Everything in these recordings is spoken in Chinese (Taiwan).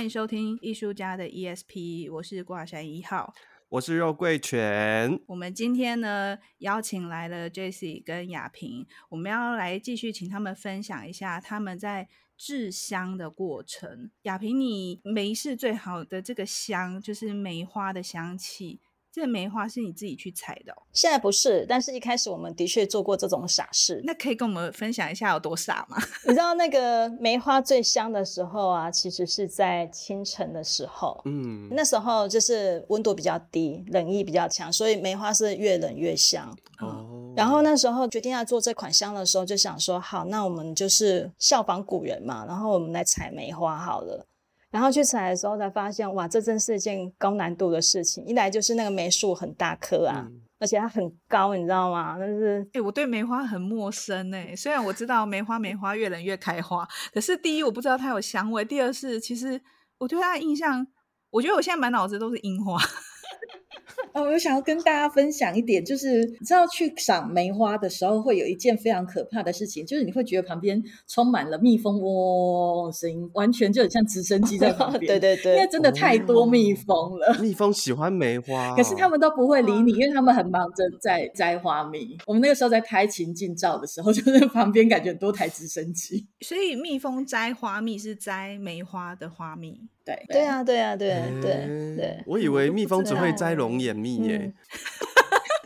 歡迎收聽藝術家的 ESP，我是卦山一號，我是肉桂犬。我們今天呢，邀請來了 JESSIE 跟雅萍，我們要來繼續請他們分享一下他們在製香的過程。雅萍，你梅事最好的這個香，就是梅花的香氣。這梅花是你自己去採的哦？現在不是，但是一開始我們的確做過這種傻事。那可以跟我們分享一下有多傻嗎？ 你知道那個梅花最香的時候啊，其實是在清晨的時候。嗯，那時候就是溫度比較低，冷意比較強，所以梅花是越冷越香。哦。然後那時候決定要做這款香的時候，就想說，好，那我們就是效仿古人嘛，然後我們來採梅花好了。然後去採的時候才發現，哇，這真是一件高難度的事情。一來就是那個梅樹很大棵啊，嗯、而且它很高，你知道嗎？但是，誒、欸、我對梅花很陌生誒、欸、雖然我知道梅花，梅花越冷越開花，可是第一我不知道它有香味，第二是其實我對它的印象，我覺得我現在滿腦子都是櫻花。 啊、哦，我想要跟大家分享一點，就是你知道去賞梅花的時候，會有一件非常可怕的事情，就是你會覺得旁邊充滿了蜜蜂嗡嗡哦，聲音完全就很像直升機在旁邊。對對對，因為真的太多蜜蜂了。哦、蜜蜂喜歡梅花、啊，可是他們都不會理你，因為他們很忙着在摘花蜜。我們那個時候在拍情境照的時候，就是旁邊感覺有多台直升機。所以蜜蜂摘花蜜是摘梅花的花蜜。對對，對啊，對啊，對對、嗯、對。對我以為蜜蜂只會摘龍。龍眼蜜耶，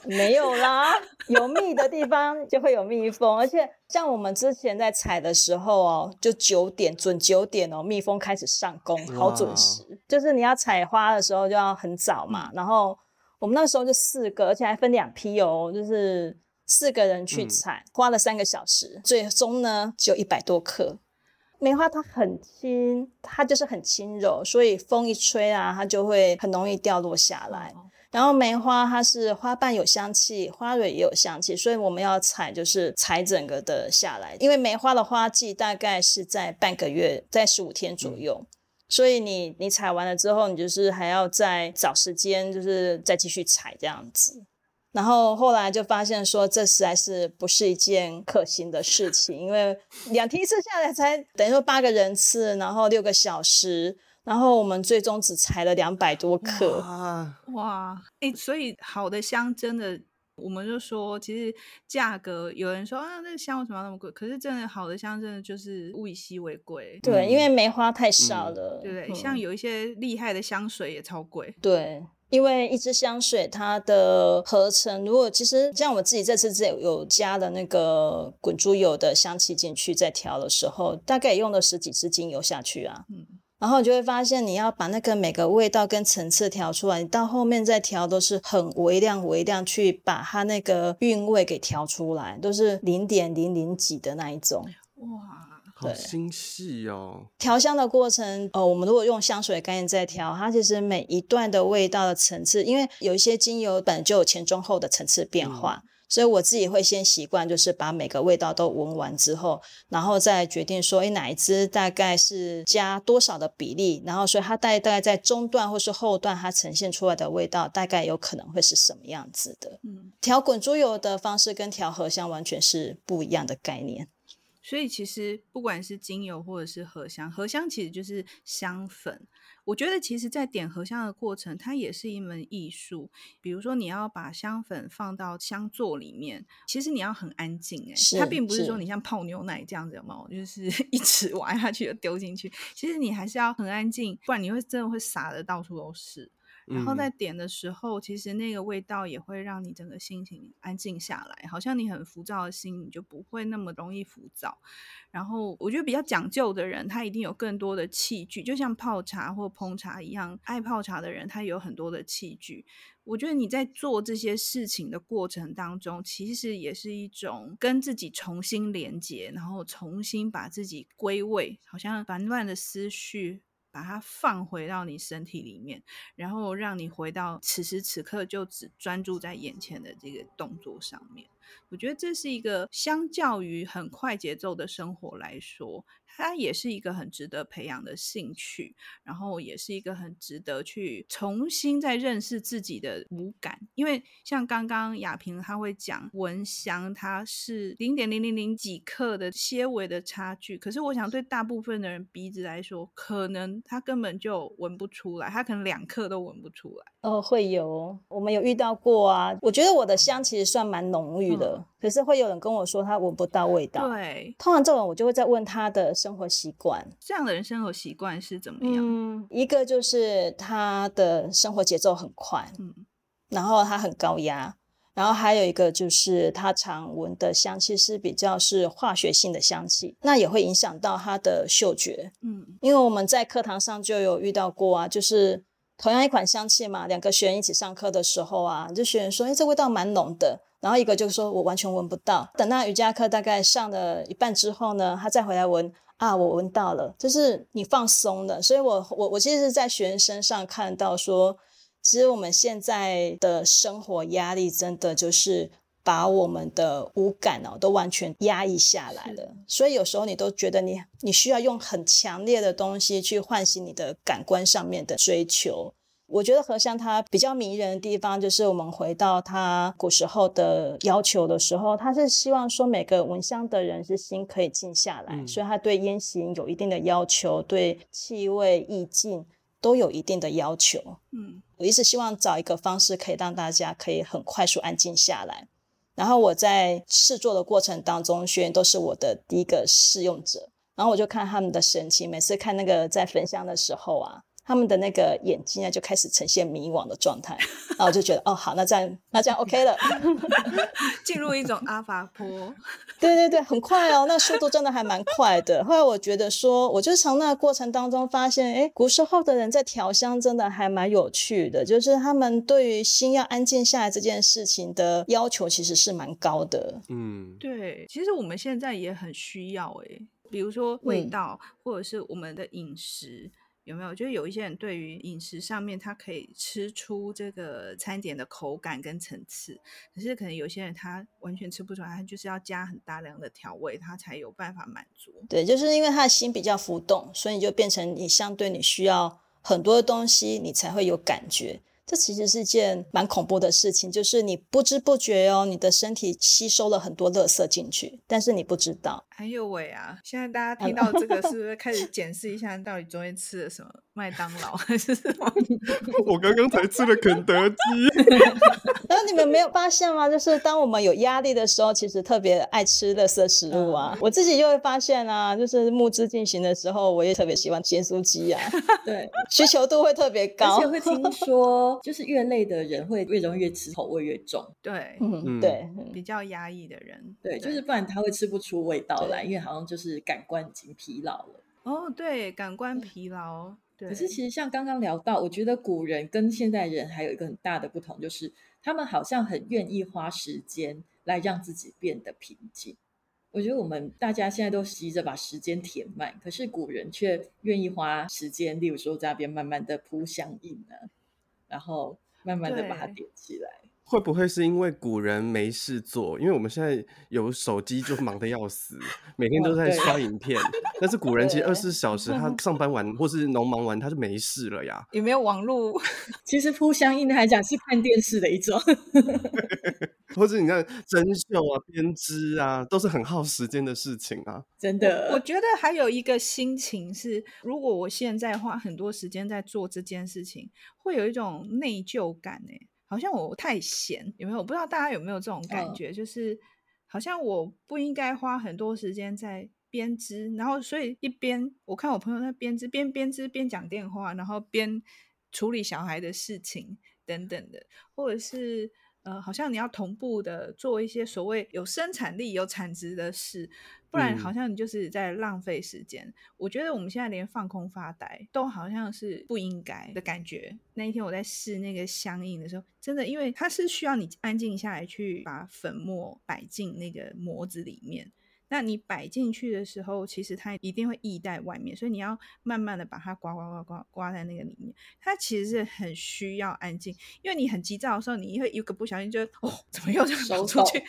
沒有啦，有蜜的地方就會有蜜蜂，而且像我們之前在採的時候哦，就九點準九點哦，蜜蜂開始上工，好準時。哇就是你要採花的時候就要很早嘛，嗯、然後我們那時候就四個，而且還分兩批哦，就是四個人去採，花了三個小時，最終、嗯、呢就一百多克。梅花它很輕，它就是很輕柔，所以風一吹啊，它就會很容易掉落下來。然後梅花它是花瓣有香氣，花蕊也有香氣，所以我們要採就是採整個的下來。因為梅花的花季大概是在半個月，在十五天左右，所以你你採完了之後，你就是還要再找時間，就是再繼續採這樣子。然後後來就發現說，這實在是不是一件可行的事情，因為兩天一次下來才等於說八個人次，然後六個小時。然後我們最終只採了兩百多克。哇，哇，哎、欸，所以好的香真的，我們就說，其實價格有人說啊，那香為什麼要那麼貴？可是真的好的香，真的就是物以稀為貴。嗯、對，因為梅花太少了，嗯、對不對，像有一些厲害的香水也超貴、嗯。對，因為一支香水它的合成，如果其實像我自己這次有有加了那個滾珠油的香氣進去再調的時候，大概也用了十幾支精油下去啊。嗯。然後你就會發現，你要把那個每個味道跟層次調出來，你到後面再調都是很微量微量去把它那個韻味給調出來，都是零點零零幾的那一種。哇，對好精細哦！調香的過程，呃、哦，我們如果用香水概念再調，它其實每一段的味道的層次，因為有一些精油本就有前中後的層次變化。嗯所以我自己會先習慣，就是把每個味道都聞完之後，然後再決定說，誒，哪一支大概是加多少的比例，然後所以它大概在中段或是後段，它呈現出來的味道大概有可能會是什麼樣子的。嗯，調滾珠油的方式跟調和香完全是不一樣的概念。所以其實不管是精油或者是合香，合香其實就是香粉。我覺得其實，在點合香的過程，它也是一門藝術。比如說，你要把香粉放到香座裡面，其實你要很安靜、欸。哎是，它並不是說你像泡牛奶這樣子有沒有，貓是就是一直挖下去就丟進去。其實你還是要很安靜，不然你會真的會灑的到處都是。然後在點的時候，嗯、其實那個味道也會讓你整個心情安靜下來，好像你很浮躁的心，你就不會那麼容易浮躁。然後我覺得比較講究的人，他一定有更多的器具，就像泡茶或烹茶一樣，愛泡茶的人他有很多的器具。我覺得你在做這些事情的過程當中，其實也是一種跟自己重新連接，然後重新把自己歸位，好像煩亂的思緒。把它放回到你身體裡面，然後讓你回到此時此刻，就只專注在眼前的這個動作上面。我覺得這是一個相較於很快節奏的生活來說，它也是一個很值得培養的興趣，然後也是一個很值得去重新再認識自己的五感。因為像剛剛雅萍她會講聞香，它是零點零零零幾克的些微的差距，可是我想對大部分的人鼻子來說，可能他根本就聞不出來，他可能兩克都聞不出來。呃、哦，會有，我們有遇到過啊。我覺得我的香其實算蠻濃郁。嗯，可是會有人跟我說他聞不到味道。對，對，通常這種我就會再問他的生活習慣。這樣的人生活習慣是怎麼樣？嗯，一個就是他的生活節奏很快，嗯，然後他很高壓，然後還有一個就是他常聞的香氣是比較是化學性的香氣，那也會影響到他的嗅覺。嗯，因為我們在課堂上就有遇到過啊，就是同樣一款香氣嘛，兩個學員一起上課的時候啊，就學員說：“哎，這味道蠻濃的。”然後一個就是說我完全聞不到。等到瑜伽課大概上了一半之後呢，他再回來聞啊，我聞到了，就是你放鬆了。所以我我我其實是在學生身上看到說，其實我們現在的生活壓力真的就是把我們的五感哦都完全壓抑下來了。是所以有時候你都覺得你你需要用很強烈的東西去喚醒你的感官上面的追求。我覺得合香它比較迷人的地方，就是我們回到它古時候的要求的時候，它是希望說每個聞香的人是心可以靜下來，所以它對煙型有一定的要求，對氣味意境都有一定的要求。嗯，我一直希望找一個方式可以讓大家可以很快速安靜下來。然後我在試做的過程當中，學員都是我的第一個試用者，然後我就看他們的神情，每次看那個在焚香的時候啊。他們的那個眼睛啊，就開始呈現迷惘的狀態，然後我就覺得 哦，好，那這樣那這樣 OK 了，進 入一種阿法波， 對對對，很快哦，那速度真的還蠻快的。 後來我覺得說，我就是從那個過程當中發現，哎、欸，古時候的人在調香真的還蠻有趣的，就是他們對於心要安靜下來這件事情的要求其實是蠻高的。嗯，對，其實我們現在也很需要、欸，哎，比如說味道，嗯、或者是我們的飲食。有沒有？就是有一些人對於飲食上面，他可以吃出這個餐點的口感跟層次，可是可能有些人他完全吃不出來，他就是要加很大量的調味，他才有辦法滿足。對，就是因為他的心比較浮動，所以你就變成你相對你需要很多的東西，你才會有感覺。這其實是件蠻恐怖的事情，就是你不知不覺哦，你的身體吸收了很多垃圾進去，但是你不知道。還有、哎、餵啊，現在大家聽到這個是不是開始檢視一下，到底昨天吃了什麼？麥當勞還是什麼？我剛剛才吃了肯德基。 然後你們沒有發現嗎？就是當我們有壓力的時候，其實特別愛吃垃圾食物啊。嗯、我自己就會發現啊，就是募資進行的時候，我也特別喜歡鹹酥雞啊。對，需求度會特別高。而且會聽說。 就是越累的人會越容易越吃口味越重，對，嗯，對，嗯、比較壓抑的人，對，對，就是不然他會吃不出味道來，對因為好像就是感官已經疲勞了。哦，對，感官疲勞。對，可是其實像剛剛聊到，我覺得古人跟現代人還有一個很大的不同，就是他們好像很願意花時間來讓自己變得平靜。我覺得我們大家現在都急着把時間填滿，可是古人卻願意花時間，例如說在那邊慢慢的鋪香印呢、啊。然後慢慢的把它點起來，會不會是因為古人沒事做？因為我們現在有手機就忙得要死， 每天都在刷影片。啊，但是古人其實二十四小時，他上班完，對或是農忙完，他就沒事了呀。有沒有網絡， 其實鋪相應的還講是看電視的一種。 或者你看針繡啊、編織啊，都是很耗時間的事情啊。真的。我，我覺得還有一個心情是，如果我現在花很多時間在做這件事情，會有一種內疚感、欸，呢。好像我太閒，有沒有？我不知道大家有沒有這種感覺，嗯、就是好像我不應該花很多時間在編織，然後所以一邊我看我朋友在編織，邊編織邊講電話，然後邊處理小孩的事情等等的，或者是。呃，好像你要同步的做一些所謂有生產力、有產值的事，不然好像你就是在浪費時間。嗯，我覺得我們現在連放空發呆都好像是不應該的感覺。那一天我在試那個香印的時候，真的，因為它是需要你安靜下來去把粉末擺進那個模子裡面。那你擺進去的時候，其實它一定會溢在外面，所以你要慢慢的把它刮刮刮刮刮，刮在那個裡面。它其實是很需要安靜，因為你很急躁的時候，你會一會有個不小心就哦，怎麼又這樣跑出去？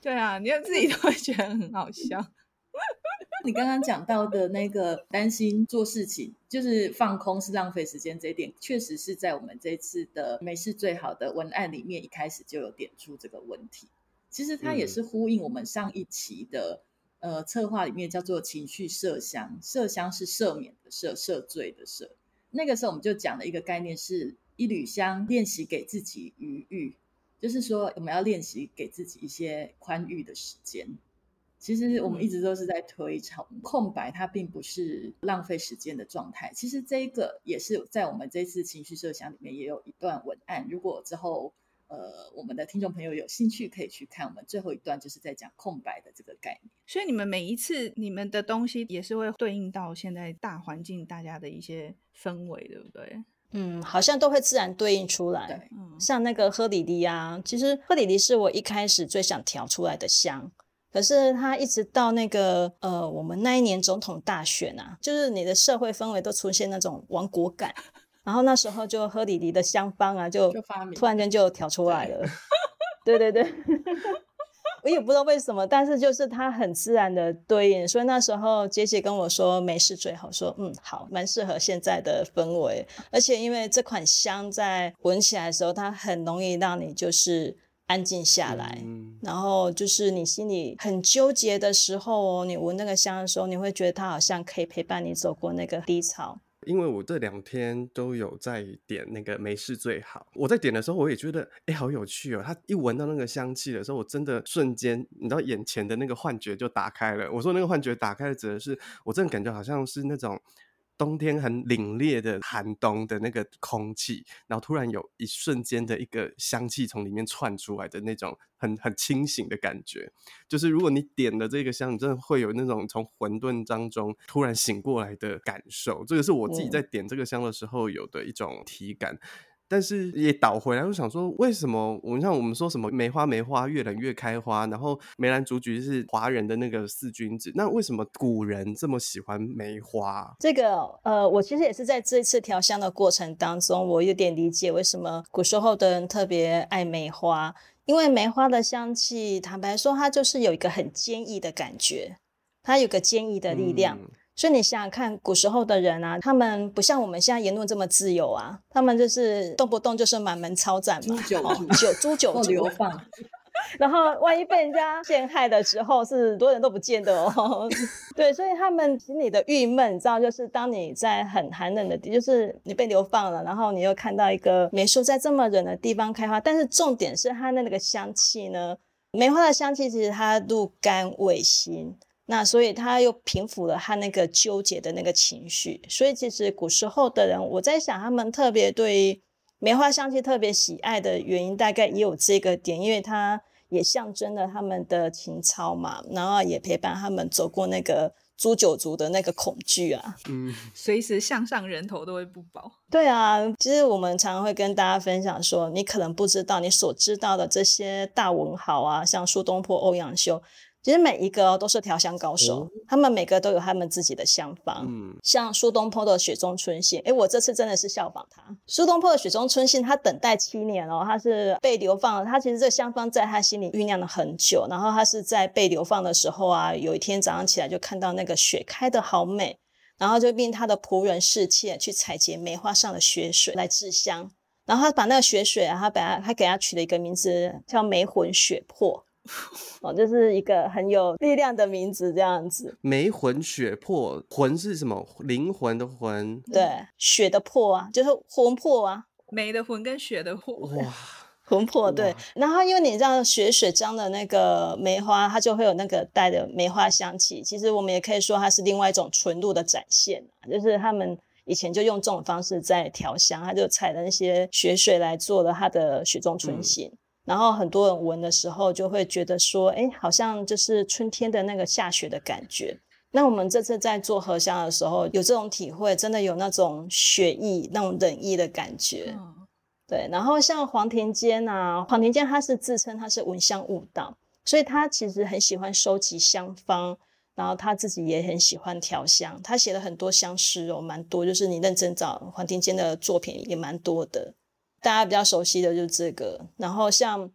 對啊，你要自己都會覺得很好笑。 你剛剛講到的那個擔心做事情就是放空是浪費時間這一點，確實是在我們這次的梅事最好的文案裡面一開始就有點出這個問題。其實它也是呼應我們上一期的、嗯、呃策劃裡面叫做情緒麝香，麝香是赦免的赦，赦罪的赦。那個時候我們就講了一個概念是，一縷香練習給自己餘裕，就是說我們要練習給自己一些寬裕的時間。其實我們一直都是在推崇、嗯、空白，它並不是浪費時間的狀態。其實這個也是在我們這次情緒麝香裡面也有一段文案，如果之後。呃，我們的聽眾朋友有興趣可以去看我們最後一段，就是在講空白的這個概念。所以你們每一次你們的東西也是會對應到現在大環境大家的一些氛圍，對不對？嗯，好像都會自然對應出來。嗯，對像那個赫里迪啊，其實赫里迪是我一開始最想調出來的香，可是它一直到那個呃，我們那一年總統大選啊，就是你的社會氛圍都出現那種亡國感。然後那時候就喝李迪的香方啊，就突然間就調出來了，了對， 對對對， 我也不知道為什麼，但是就是它很自然的對應。所以那時候 Jessie 姐跟我說梅事最好，說嗯好，蠻適合現在的氛圍。而且因為這款香在聞起來的時候，它很容易讓你就是安靜下來，嗯、然後就是你心裡很糾結的時候，哦，你聞那個香的時候，你會覺得它好像可以陪伴你走過那個低潮。因為我這兩天都有在點那個梅事最好，我在點的時候，我也覺得哎，好有趣哦，他一聞到那個香氣的時候，我真的瞬間你知道眼前的那個幻覺就打開了。我說那個幻覺打開的指的是我真的感覺好像是那種。冬天很凜冽的寒冬的那個空氣，然後突然有一瞬間的一個香氣從裡面竄出來的那種很很清醒的感覺，就是如果你點了這個香，你真的會有那種從混沌當中突然醒過來的感受。這個是我自己在點這個香的時候有的一種體感。嗯。但是也倒回來，我想說，為什麼我們像我們說什麼梅花，梅花，梅花越冷越開花，然後梅蘭竹菊是華人的那個四君子，那為什麼古人這麼喜歡梅花？這個呃，我其實也是在這一次調香的過程當中，我有點理解為什麼古時候的人特別愛梅花，因為梅花的香氣，坦白說，它就是有一個很堅毅的感覺，它有個堅毅的力量。嗯。所以你想想看，古時候的人啊，他們不像我們現在言論這麼自由啊，他們就是動不動就是滿門抄斬嘛，誅九族、哦、 誅九流放， 然後萬一被人家陷害的時候，是很多人都不見得哦。 對，所以他們心裡的鬱悶，你知道，就是當你在很寒冷的地，就是你被流放了，然後你又看到一個梅樹在這麼冷的地方開花，但是重點是它的那個香氣呢，梅花的香氣其實它入肝胃心。那所以他又平復了他那個糾結的那個情緒，所以其實古時候的人，我在想他們特別對於梅花香氣特別喜愛的原因，大概也有這個點，因為它也象徵了他們的情操嘛，然後也陪伴他們走過那個誅九族的那個恐懼啊。嗯，隨時項上人頭都會不保。對啊，其實我們常常會跟大家分享說，你可能不知道你所知道的這些大文豪啊，像蘇東坡、歐陽修。其實每一個、哦、都是調香高手，嗯、他們每個都有他們自己的香方。嗯，像蘇東坡的《雪中春信》，誒，我這次真的是效仿他。蘇東坡的《雪中春信》，他等待七年哦，他是被流放了，他其實這香方在他心裡醞釀了很久。然後他是在被流放的時候啊，有一天早上起來就看到那個雪開得好美，然後就命他的僕人侍妾去採集梅花上的雪水來製香。然後他把那個雪水啊，他把他他給他取了一個名字叫“梅魂雪魄”。哦，就是一個很有力量的名字，這樣子。梅魂雪魄，魂是什麼？靈魂的魂，對，雪的魄啊，就是魂魄啊。梅的魂跟雪的魄，哇，魂魄對。然後，因為你知道，雪水中的那個梅花，它就會有那個帶的梅花香氣。其實，我們也可以說它是另外一種純露的展現，就是他們以前就用這種方式在調香，他就採那些雪水來做了它的雪中春信。嗯然後很多人聞的時候就會覺得說，哎，好像就是春天的那個下雪的感覺。那我們這次在做合香的時候，有這種體會，真的有那種雪意、那種冷意的感覺。嗯、對。然後像黃庭堅啊，黃庭堅他是自稱他是聞香悟道，所以他其實很喜歡收集香方，然後他自己也很喜歡調香，他寫了很多香詩哦，蠻多。就是你認真找黃庭堅的作品也蠻多的。大家比較熟悉的就是這個，然後像，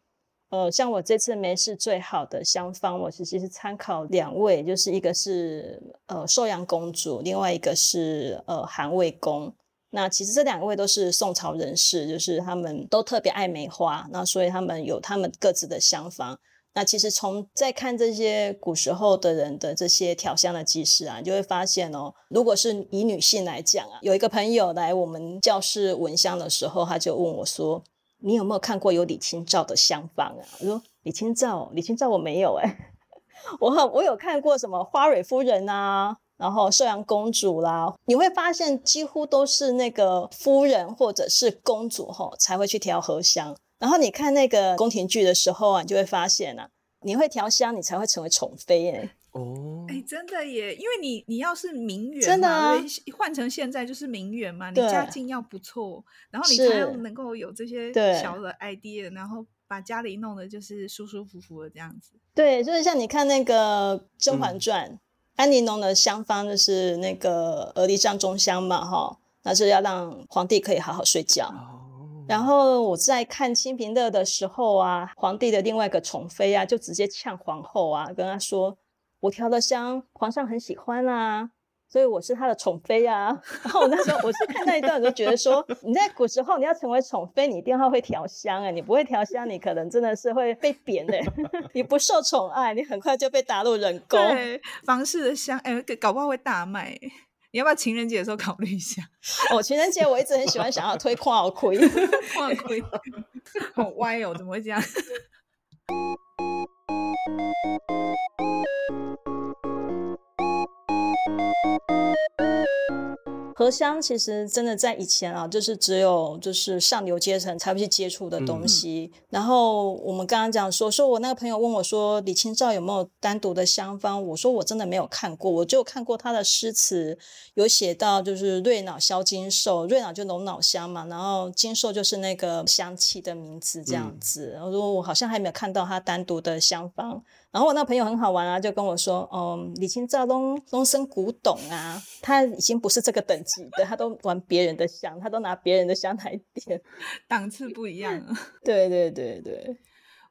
呃，像我這次梅事最好的香方，我其實是參考兩位，就是一個是呃壽陽公主，另外一個是呃韓魏公。那其實這兩位都是宋朝人士，就是他們都特別愛梅花，那所以他們有他們各自的香方。那其實從在看這些古時候的人的這些調香的技師啊，你就會發現哦，如果是以女性來講啊，有一個朋友來我們教室聞香的時候，他就問我說：“你有沒有看過有李清照的香方啊？”我說：“李清照，李清照我沒有哎、欸， 我我有看過什麼花蕊夫人啊，然後壽陽公主啦、啊，你會發現幾乎都是那個夫人或者是公主吼、哦，才會去調合香。”然後你看那個宮廷劇的時候啊，你就會發現啊，你會調香，你才會成為寵妃耶、欸。哦，哎，真的耶，因為你你要是名媛，真的換、啊、對成現在就是名媛嘛，你家境要不錯，對然後你才能夠有這些小的 idea，然後把家裡弄得就是舒舒服服的這樣子。對，就是像你看那個傳《甄嬛傳》，安妮弄的香方就是那個鵝梨帳中香嘛，哈，那是要讓皇帝可以好好睡覺。然後我在看《清平樂》的時候啊，皇帝的另外一個寵妃啊，就直接嗆皇後啊，跟她說：“我調的香，皇上很喜歡啊，所以我是他的寵妃啊。”然後我那時候我是看那一段，我就覺得說， 你在古時候你要成為寵妃，你一定會調香啊、欸，你不會調香，你可能真的是會被貶的、欸， 你不受寵愛你很快就被打入冷宮。對，房事的香哎、欸，搞不好會大賣。你要不要情人節的時候考慮一下？哦，情人節我一直很喜歡想要推跨歐虧，跨歐虧 跨歐 好歪哦，怎麼會這樣？合香其實真的在以前啊，就是只有就是上流階層才會去接觸的東西。嗯、然後我們剛剛講說，說我那個朋友問我說，李清照有沒有單獨的香方？我說我真的沒有看過，我就看過他的詩詞，有寫到就是瑞腦銷金獸，瑞腦就龍腦香嘛，然後金獸就是那個香氣的名字這樣子。我、嗯、說我好像還沒有看到他單獨的香方。然後我那朋友很好玩啊，就跟我說：“哦，李清照弄東升古董啊，他已經不是這個等級的，他都玩別人的香，他都拿別人的香來點，檔次不一樣。” 對對對對，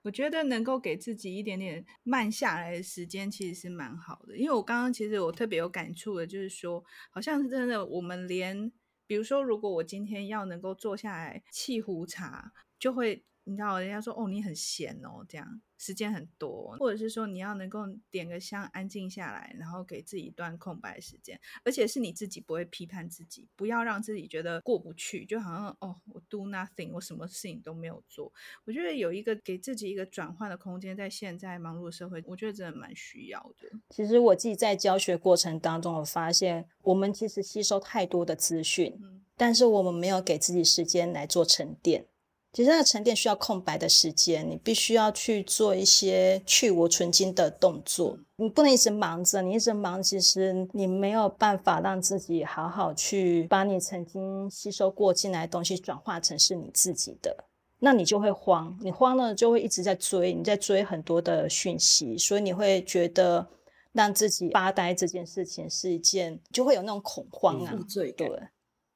我覺得能夠給自己一點點慢下來的時間，其實是蠻好的。因為我剛剛其實我特別有感觸的，就是說，好像是真的，我們連比如說，如果我今天要能夠坐下來沏壺茶，就會你知道，人家說：“哦，你很閒哦，這樣。”時間很多，或者是說你要能夠點個香，安靜下來，然後給自己一段空白時間，而且是你自己不會批判自己，不要讓自己覺得過不去，就好像哦，我 do nothing，我什麼事情都沒有做。我覺得有一個給自己一個轉換的空間，在現在忙碌的社會，我覺得真的蠻需要的。其實我自己在教學過程當中，我發現我們其實吸收太多的資訊，嗯，但是我們沒有給自己時間來做沉澱。其實那個沉澱需要空白的時間，你必須要去做一些去蕪存菁的動作。你不能一直忙着，你一直忙，其實你沒有辦法讓自己好好去把你曾經吸收過進來的東西轉化成是你自己的。那你就會慌，你慌了就會一直在追，你在追很多的訊息，所以你會覺得讓自己發呆這件事情是一件，就會有那種恐慌啊，嗯、對。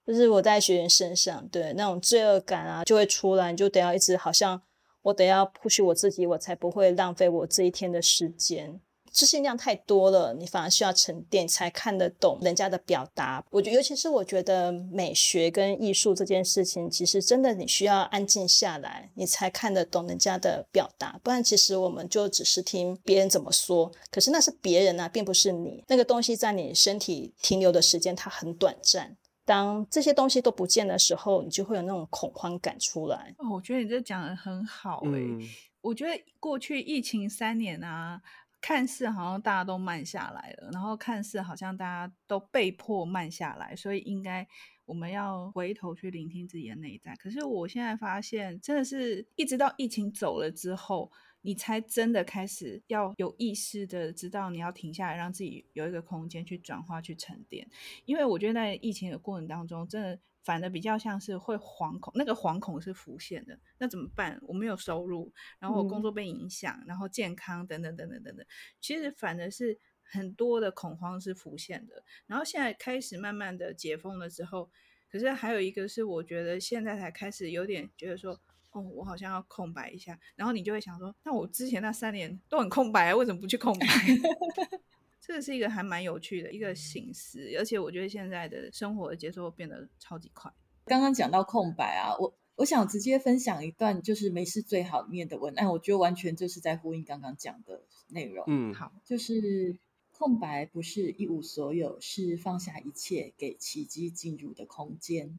就是我在學員身上，對那種罪惡感啊，就會出來，你就得要一直好像我得要 push 我自己，我才不會浪費我這一天的時間。資訊量太多了，你反而需要沉澱才看得懂人家的表達。我覺得，尤其是我覺得美學跟藝術這件事情，其實真的你需要安靜下來，你才看得懂人家的表達。不然，其實我們就只是聽別人怎麼說，可是那是別人啊，並不是你。那個東西在你身體停留的時間，它很短暫。當這些東西都不見的時候，你就會有那種恐慌感出來。哦，我覺得你這講得很好欸。嗯。我覺得過去疫情三年啊，看似好像大家都慢下來了，然後看似好像大家都被迫慢下來，所以應該我們要回頭去聆聽自己的內在。可是我現在發現，真的是一直到疫情走了之後。你才真的開始要有意識的知道你要停下來，讓自己有一個空間去轉化、去沉澱。因為我覺得在疫情的過程當中，真的反而比較像是會惶恐，那個惶恐是浮現的。那怎麼辦？我沒有收入，然後我工作被影響，然後健康等等等等等等。其實反而是很多的恐慌是浮現的。然後現在開始慢慢的解封了之後，可是還有一個是，我覺得現在才開始有點覺得說。哦，我好像要空白一下，然後你就會想說，那我之前那三年都很空白啊，為什麼不去空白？ 這個是一個還蠻有趣的，一個形式，而且我覺得現在的生活節奏變得超級快。剛剛講到空白啊，我我想直接分享一段就是梅事最好念的文案，我覺得完全就是在呼應剛剛講的內容。嗯，好，就是空白不是一無所有，是放下一切給奇蹟進入的空間。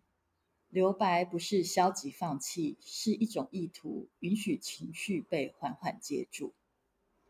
留白不是消極放棄，是一種意圖，允許情緒被緩緩接住。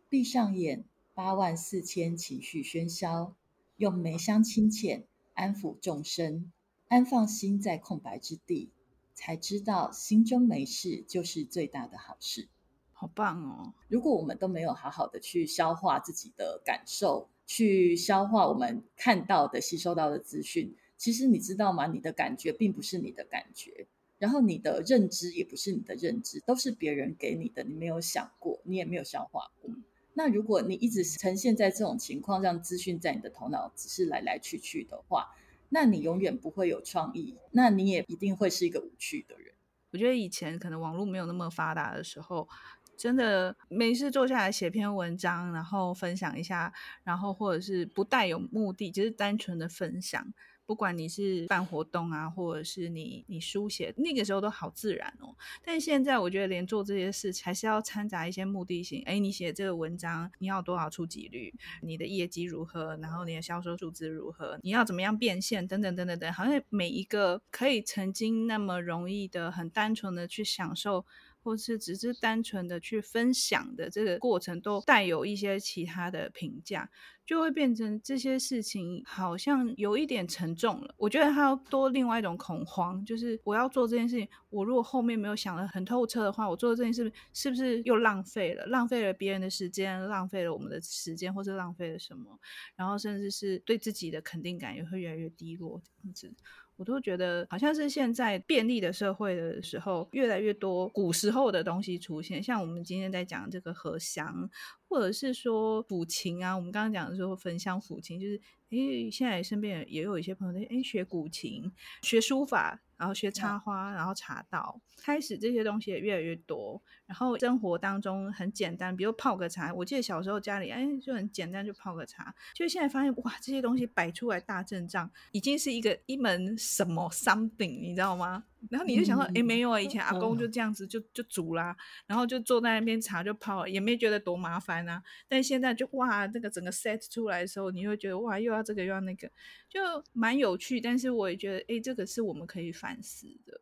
閉上眼，八萬四千情緒喧囂，用梅香清淺安撫眾生，安放心在空白之地，才知道心中沒事就是最大的好事。好棒哦！如果我們都沒有好好的去消化自己的感受，去消化我們看到的、吸收到的資訊。其實你知道嗎？你的感覺並不是你的感覺，然後你的認知也不是你的認知，都是別人給你的。你沒有想過，你也沒有消化過。那如果你一直呈現在這種情況，讓資訊在你的頭腦只是來來去去的話，那你永遠不會有創意，那你也一定會是一個無趣的人。我覺得以前可能網絡沒有那麼發達的時候，真的沒事坐下來寫篇文章，然後分享一下，然後或者是不帶有目的，就是單純的分享。不管你是辦活動啊，或者是你你書寫，那個時候都好自然哦。但現在我覺得，連做這些事情還是要摻雜一些目的性。誒，你寫這個文章，你要多少觸及率？你的業績如何？然後你的銷售數字如何？你要怎麼樣變現？等等等等等，好像每一個可以曾經那麼容易的、很單純的去享受。或是只是單純的去分享的這個過程，都帶有一些其他的評價，就會變成這些事情好像有一點沉重了。我覺得他要多另外一種恐慌，就是我要做這件事情，我如果後面沒有想得很透徹的話，我做的這件事情是不是又浪費了？浪費了別人的時間，浪費了我們的時間，或是浪費了什麼？然後甚至是對自己的肯定感也會越來越低落，這樣子。我都覺得好像是現在便利的社會的時候，越來越多古時候的東西出現，像我們今天在講這個合香，或者是說撫琴啊，我們剛剛講的時候，焚香撫琴就是。因為現在身邊也有一些朋友在學古琴、學書法，然後學插花，Yeah. 然後茶道，開始這些東西也越來越多。然後生活當中很簡單，比如泡個茶，我記得小時候家裡哎，就很簡單，就泡個茶。就現在發現哇，這些東西擺出來大陣仗，已經是一個一門什麼 something，你知道嗎？然後你就想說，哎、欸，沒有啊，以前阿公就這樣子就就煮啦，嗯嗯、然後就坐在那邊茶就泡，也沒覺得多麻煩啊。但現在就哇，這、那個整個 set 出來的時候，你會覺得哇，又要這個又要那個，就蠻有趣。但是我也覺得，哎、欸，這個是我們可以反思的。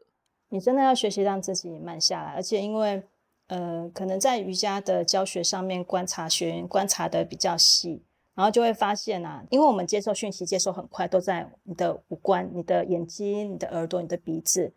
你真的要學習讓自己慢下來，而且因為呃，可能在瑜伽的教學上面觀察學員觀察得比較細，然後就會發現啊，因為我們接受訊息接受很快，都在你的五官、你的眼睛、你的耳朵、你的鼻子。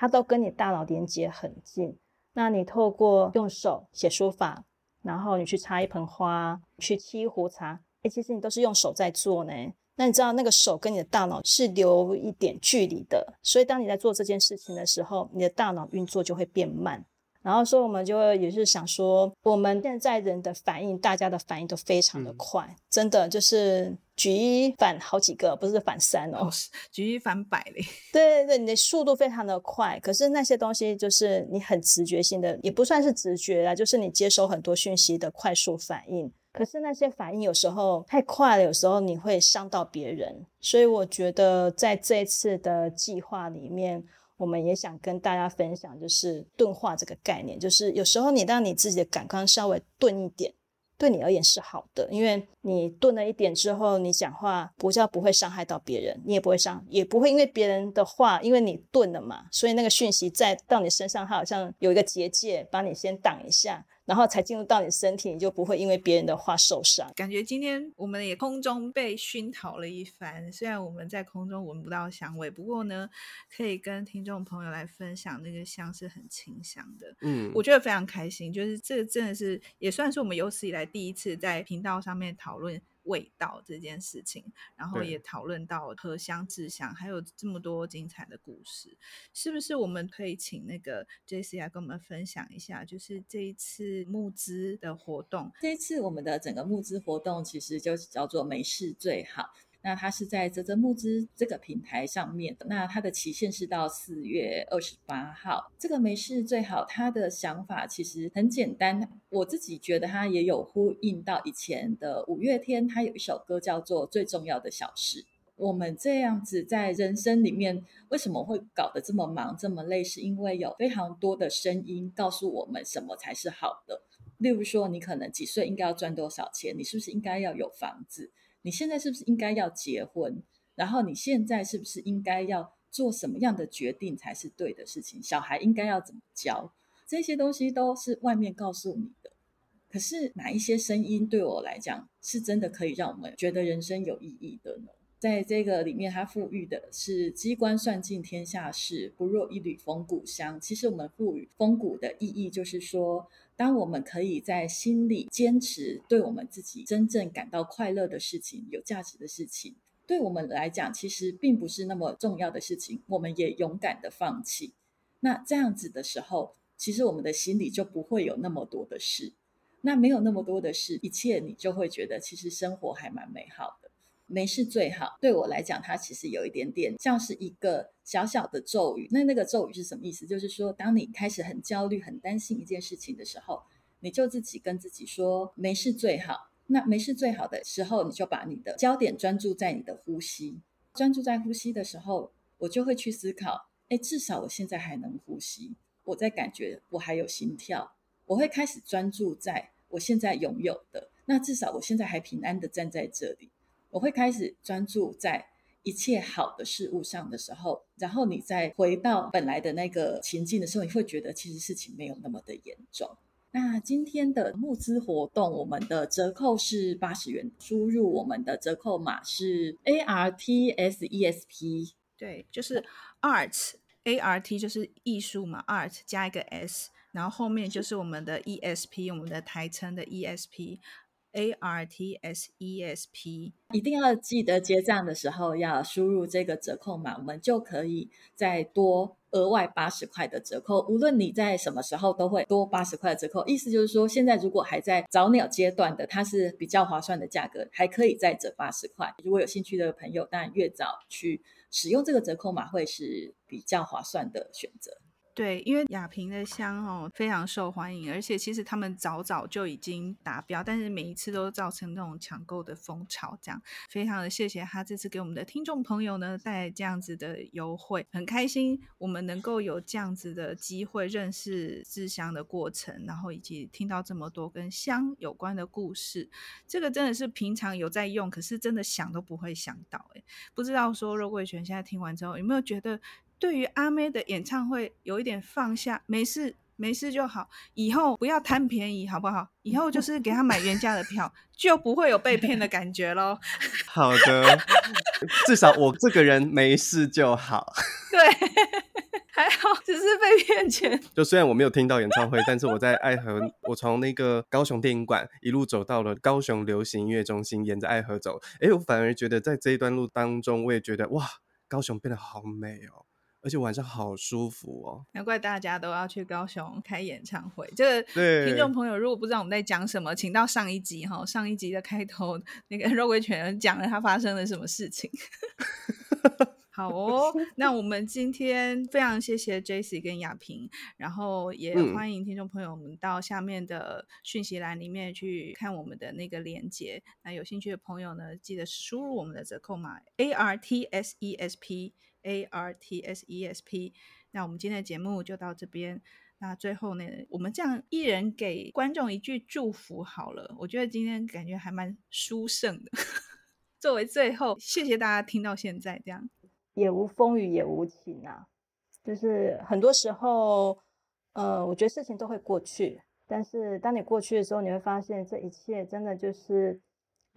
它都跟你大腦連接很近，那你透過用手寫書法，然後你去插一盆花，去沏一壺茶，誒、欸，其實你都是用手在做呢。那你知道那個手跟你的大腦是留一點距離的，所以當你在做這件事情的時候，你的大腦運作就會變慢。然後說，我們就會也是想說，我們現在人的反應，大家的反應都非常的快，嗯、真的就是舉一反好幾個，不是反三哦，哦舉一反百嘞。對對對，你的速度非常的快，可是那些東西就是你很直覺性的，也不算是直覺啦，就是你接收很多訊息的快速反應。可是那些反應有時候太快了，有時候你會傷到別人。所以我覺得在這一次的計劃裡面。我們也想跟大家分享，就是鈍化這個概念，就是有時候你讓你自己的感官稍微鈍一點，對你而言是好的，因為你鈍了一點之後，你講話不叫不會傷害到別人，你也不會傷，也不會因為別人的話，因為你鈍了嘛，所以那個訊息再到你身上，它好像有一個結界，幫你先擋一下。然後才進入到你身體，你就不會因為別人的話受傷。感覺今天我們也空中被熏陶了一番，雖然我們在空中聞不到香味，不過呢，可以跟聽眾朋友來分享那個香是很清香的。嗯，我覺得非常開心，就是這個真的是，也算是我們有史以來第一次在頻道上面討論味道這件事情，然後也討論到合香製香對，還有這麼多精彩的故事，是不是我們可以請那個 JESSIE 來跟我們分享一下？就是這一次募資的活動，這一次我們的整個募資活動其實就叫做梅事最好。那它是在嘖嘖募資這個平台上面，那它的期限是到四月二十八號。這個梅事最好，他的想法其實很簡單，我自己覺得他也有呼應到以前的五月天，他有一首歌叫做《最重要的小事》。我們這樣子在人生裡面為什麼會搞得這麼忙、這麼累？是因為有非常多的聲音告訴我們什麼才是好的。例如說，你可能幾歲應該要賺多少錢？你是不是應該要有房子？你現在是不是應該要結婚？然後你現在是不是應該要做什麼樣的決定才是對的事情？小孩應該要怎麼教？這些東西都是外面告訴你的。可是哪一些聲音對我來講是真的可以讓我們覺得人生有意義的呢？在這個裡面，它賦予的是“機關算盡天下事，不若一縷風骨香”。其實我們賦予“風骨”的意義，就是說，當我們可以在心裡堅持對我們自己真正感到快樂的事情、有價值的事情，對我們來講其實並不是那麼重要的事情，我們也勇敢的放棄。那這樣子的時候，其實我們的心裡就不會有那麼多的事。那沒有那麼多的事，一切你就會覺得其實生活還蠻美好的。沒事最好。對我來講，它其實有一點點像是一個小小的咒語。那那個咒語是什麼意思？就是說，當你開始很焦慮、很擔心一件事情的時候，你就自己跟自己說“沒事最好”。那“沒事最好”的時候，你就把你的焦點專注在你的呼吸。專注在呼吸的時候，我就會去思考：誒，至少我現在還能呼吸，我在感覺我還有心跳。我會開始專注在我現在擁有的。那至少我現在還平安地站在這裡。我會開始專注在一切好的事物上的時候，然後你再回到本來的那個情境的時候，你會覺得其實事情沒有那麼的嚴重。那今天的募資活動，我們的折扣是八十元，輸入我們的折扣碼是 A R T S E S P，對，就是 Art，A R T 就是藝術嘛，Art 加一個 S，然後後面就是我們的 E S P，我們的台稱的 E S P。a r t s e s p， 一定要記得結賬的時候要輸入這個折扣碼，我們就可以再多額外八十塊的折扣。無論你在什麼時候，都會多八十塊的折扣。意思就是說，現在如果還在早鳥階段的，它是比較划算的價格，還可以再折八十塊。如果有興趣的朋友，當然越早去使用這個折扣碼，會是比較划算的選擇。對，因為雅萍的香哦非常受歡迎，而且其實他們早早就已經達標，但是每一次都造成那種搶購的風潮，這樣非常的謝謝他這次給我們的聽眾朋友呢帶來這樣子的優惠，很開心我們能夠有這樣子的機會認識製香的過程，然後以及聽到這麼多跟香有關的故事，這個真的是平常有在用，可是真的想都不會想到，誒，不知道說肉桂犬現在聽完之後有沒有覺得？對於阿妹的演唱會，有一點放下，沒事，沒事就好。以後不要貪便宜，好不好？以後就是給她買原價的票， 就不會有被騙的感覺嘍。好的，至少我這個人沒事就好。 對，還好，只是被騙錢。就雖然我沒有聽到演唱會，但是我在愛河，我從那個高雄電影館一路走到了高雄流行音樂中心，沿着愛河走。哎，我反而覺得在這一段路當中，我也覺得哇，高雄變得好美哦。而且晚上好舒服哦，難怪大家都要去高雄開演唱會。這個聽眾朋友如果不知道我們在講什麼，對請到上一集哈，上一集的開頭那個肉桂犬講了他發生了什麼事情。 好哦， 那我們今天非常謝謝 JESSIE 跟雅萍，然後也歡迎聽眾朋友們到下面的訊息欄裡面去看我們的那個鏈接。那有興趣的朋友呢，記得輸入我們的折扣碼 A R T S E S P。A R T S E S P，那我們今天的節目就到這邊。那最後呢，我們這樣一人給觀眾一句祝福好了。我覺得今天感覺還蠻殊勝的。 作為最後，謝謝大家聽到現在這樣。也無風雨也無晴啊，就是很多時候，呃，我覺得事情都會過去。但是當你過去的時候，你會發現這一切真的就是。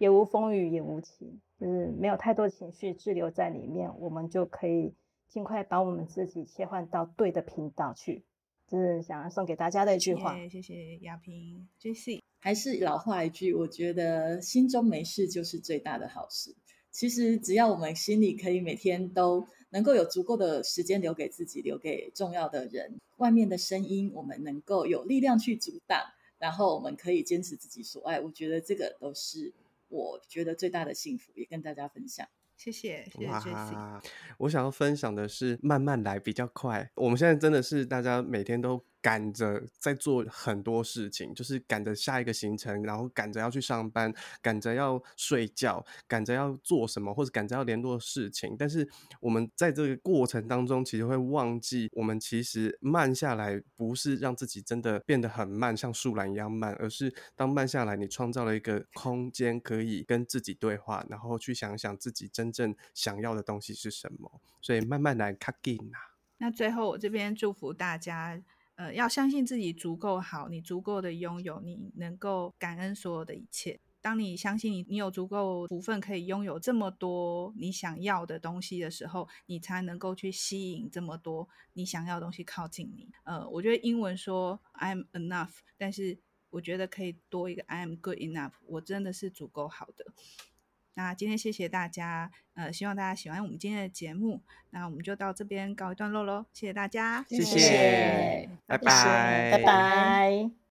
也無風雨也無晴。就、嗯、是沒有太多情緒滯留在裡面，我們就可以盡快把我們自己切換到對的頻道去。這是想要送給大家的一句話。謝謝，謝，謝雅萍，J C。還是老話一句，我覺得心中沒事就是最大的好事。其實只要我們心裡可以每天都能夠有足夠的時間留給自己，留給重要的人，外面的聲音我們能夠有力量去阻擋，然後我們可以堅持自己所愛，我覺得這個都是。我覺得最大的幸福，也跟大家分享。謝謝，謝謝 Jessie。我想要分享的是慢慢來比較快，嗯、我們現在真的是大家每天都趕着在做很多事情，就是趕着下一個行程，然後趕着要去上班，趕着要睡覺，趕着要做什麼，或者趕着要聯絡事情。但是我們在這個過程當中，其實會忘記，我們其實慢下來不是讓自己真的變得很慢，像樹懶一樣慢，而是當慢下來，你創造了一個空間，可以跟自己對話，然後去想一想自己真正想要的東西是什麼。所以慢慢來，卡緊啊。那最後我這邊祝福大家。呃，要相信自己足夠好，你足夠的擁有，你能夠感恩所有的一切。當你相信你你有足夠福分可以擁有這麼多你想要的東西的時候，你才能夠去吸引這麼多你想要的東西靠近你。呃，我覺得英文說 I'm enough，但是我覺得可以多一個 I'm good enough。我真的是足夠好的。那今天謝謝大家，呃，希望大家喜歡我們今天的節目，那我們就到這邊告一段落嘍，謝謝大家，謝謝，拜拜，拜拜。